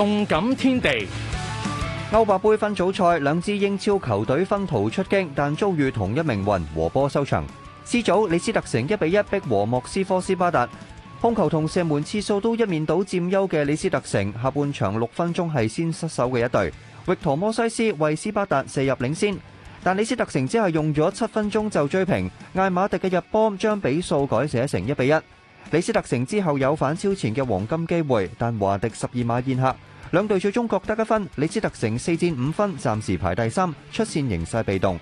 動感天地，歐霸盃分組賽，兩支英超球隊分途出征，但遭遇同一命運和波收場。C 組，李斯特城一比一逼和莫斯科斯巴達，控球同射門次數都一面倒佔優嘅李斯特城，下半場六分鐘係先失手嘅一隊。域陀摩西斯為斯巴達射入領先，但李斯特城只係用咗七分鐘就追平，艾馬迪嘅入波將比數改寫成一比一。李斯特城之後有反超前嘅黃金機會，但華迪十二碼宴客，兩隊最終各得一分。李斯特城四戰五分，暫時排第三，出線形勢被動。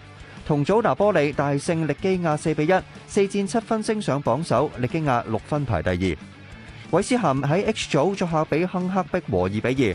同組拿波里大勝利基亞四比一，四戰七分升上榜首。利基亞六分排第二。韋斯咸喺 H 組作客被亨克逼和二比二。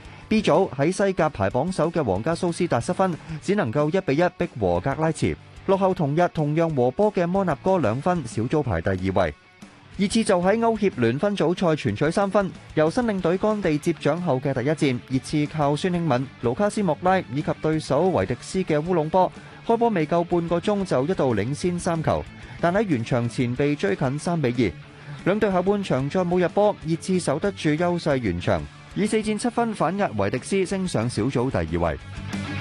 B 組喺西甲排榜首嘅皇家蘇斯達失分，只能夠一比一逼和格拉茨。落後同日同樣和波嘅摩納哥兩分，小組排第二位。熱刺就喺歐協聯分組賽全取三分，由新領隊干地接掌後嘅第一戰，熱刺靠孫興敏、盧卡斯莫拉以及對手維迪斯嘅烏龍波，開波未夠半個鐘就一度領先三球，但喺完場前被追近三比二。兩隊下半場再冇入波，熱刺守得住優勢完場。以四戰七分反壓維迪斯，升上小組第二位。